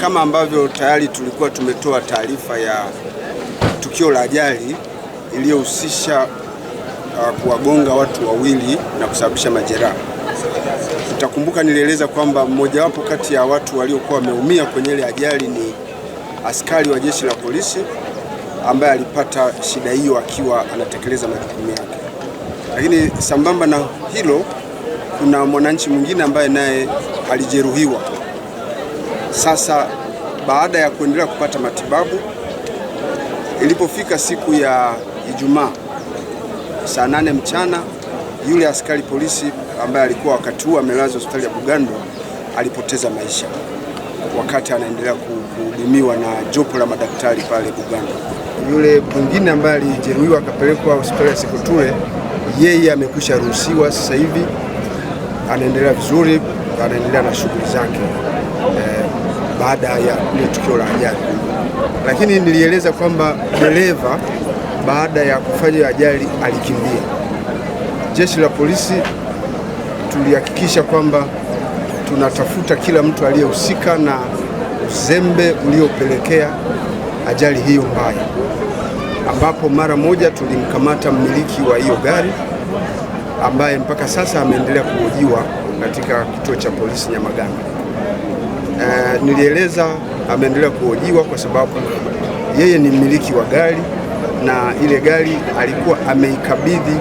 Kama ambavyo tayari tulikuwa tumetoa taarifa ya tukio la ajali iliyohusisha uh, kuwagonga watu wawili na kusababisha majeraha. Utakumbuka nilieleza kwamba mmojawapo kati ya watu waliokuwa wameumia kwenye ile ajali ni askari wa jeshi la polisi ambaye alipata shida hiyo akiwa anatekeleza majukumu yake. Lakini sambamba na hilo, kuna mwananchi mwingine ambaye naye alijeruhiwa sasa baada ya kuendelea kupata matibabu, ilipofika siku ya Ijumaa saa nane mchana, yule askari polisi ambaye alikuwa wakati huo amelazwa hospitali ya Bugando alipoteza maisha wakati anaendelea kuhudumiwa na jopo la madaktari pale Bugando. Yule mwingine ambaye alijeruhiwa akapelekwa hospitali ya Sekotule, yeye amekwisha ruhusiwa sasa hivi, anaendelea vizuri, anaendelea na shughuli zake eh baada ya ile tukio la ajali, lakini nilieleza kwamba dereva baada ya kufanya ajali alikimbia. Jeshi la polisi tulihakikisha kwamba tunatafuta kila mtu aliyehusika na uzembe uliopelekea ajali hiyo mbaya, ambapo mara moja tulimkamata mmiliki wa hiyo gari ambaye mpaka sasa ameendelea kuhojiwa katika kituo cha polisi Nyamagana e, nilieleza ameendelea kuhojiwa kwa sababu yeye ni mmiliki wa gari na ile gari alikuwa ameikabidhi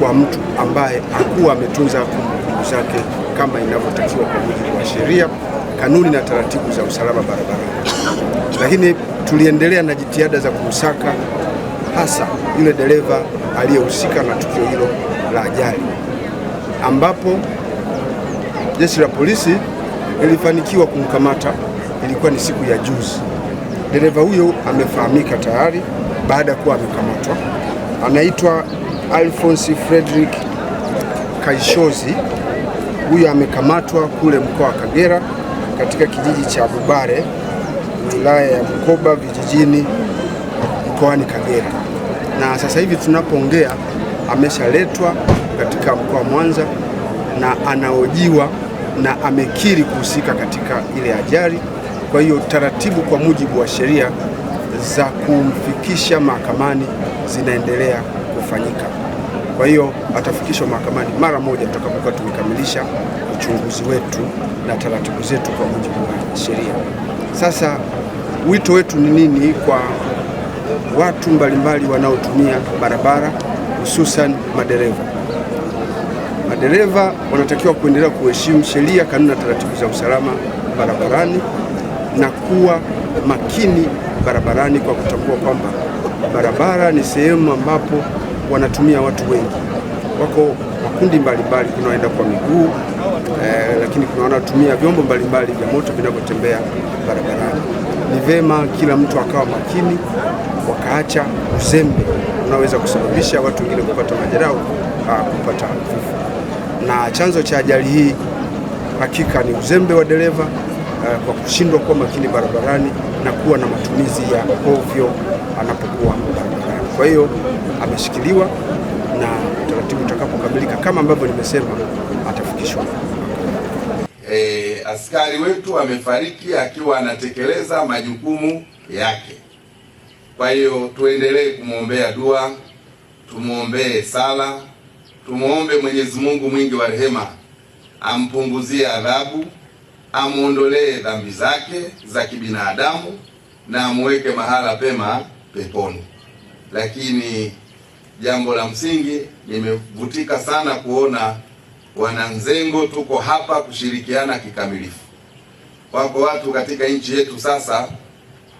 kwa mtu ambaye hakuwa ametunza kumbukumbu zake kama inavyotakiwa kwa mujibu wa sheria, kanuni na taratibu za usalama barabarani. Lakini tuliendelea na jitihada za kumsaka hasa yule dereva aliyehusika na tukio hilo la ajali, ambapo jeshi la polisi nilifanikiwa kumkamata, ilikuwa ni siku ya juzi. Dereva huyo amefahamika tayari baada ya kuwa amekamatwa, anaitwa Alphonse Frederick Kaishozi. Huyo amekamatwa kule mkoa wa Kagera katika kijiji cha Bubare wilaya ya Bukoba vijijini mkoani Kagera, na sasa hivi tunapoongea ameshaletwa katika mkoa wa Mwanza na anaojiwa na amekiri kuhusika katika ile ajali. Kwa hiyo taratibu kwa mujibu wa sheria za kumfikisha mahakamani zinaendelea kufanyika. Kwa hiyo atafikishwa mahakamani mara moja tutakapokuwa tumekamilisha uchunguzi wetu na taratibu zetu kwa mujibu wa sheria. Sasa wito wetu ni nini kwa watu mbalimbali wanaotumia barabara hususan madereva? Madereva wanatakiwa kuendelea kuheshimu sheria, kanuni na taratibu za usalama barabarani na kuwa makini barabarani kwa kutambua kwamba barabara ni sehemu ambapo wanatumia watu wengi. Wako makundi mbalimbali, kuna waenda kwa miguu eh, lakini kuna wanaotumia vyombo mbalimbali vya moto vinavyotembea barabarani. Ni vema kila mtu akawa makini, wakaacha uzembe unaweza kusababisha watu wengine kupata majeraha, ah, kupata vifo na chanzo cha ajali hii hakika ni uzembe wa dereva uh, kwa kushindwa kuwa makini barabarani na kuwa na matumizi ya ovyo anapokuwa barabarani. Kwa hiyo ameshikiliwa na utaratibu utakapokamilika, kama ambavyo nimesema, atafikishwa. E, askari wetu amefariki akiwa anatekeleza majukumu yake. Kwa hiyo tuendelee kumwombea dua, tumwombee sala Tumuombe Mwenyezi Mungu mwingi wa rehema ampunguzie adhabu, amuondolee dhambi zake za kibinadamu na amuweke mahala pema peponi. Lakini jambo la msingi, nimevutika sana kuona wananzengo tuko hapa kushirikiana kikamilifu. Wako watu katika nchi yetu sasa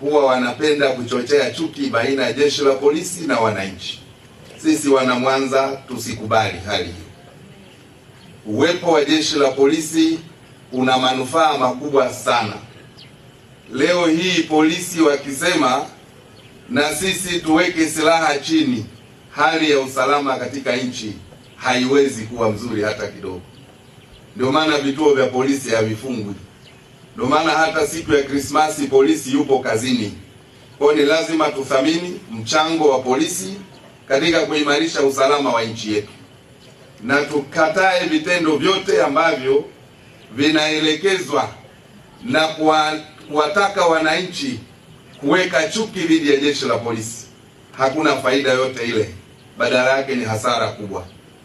huwa wanapenda kuchochea chuki baina ya jeshi la polisi na wananchi. Sisi wana Mwanza tusikubali hali hiyo. Uwepo wa jeshi la polisi una manufaa makubwa sana. Leo hii polisi wakisema na sisi tuweke silaha chini, hali ya usalama katika nchi haiwezi kuwa mzuri hata kidogo. Ndio maana vituo vya polisi havifungwi, ndio maana hata siku ya Krismasi polisi yupo kazini. Kwa ni lazima tuthamini mchango wa polisi katika kuimarisha usalama wa nchi yetu, na tukatae vitendo vyote ambavyo vinaelekezwa na kuwataka wananchi kuweka chuki dhidi ya jeshi la polisi. Hakuna faida yote ile, badala yake ni hasara kubwa.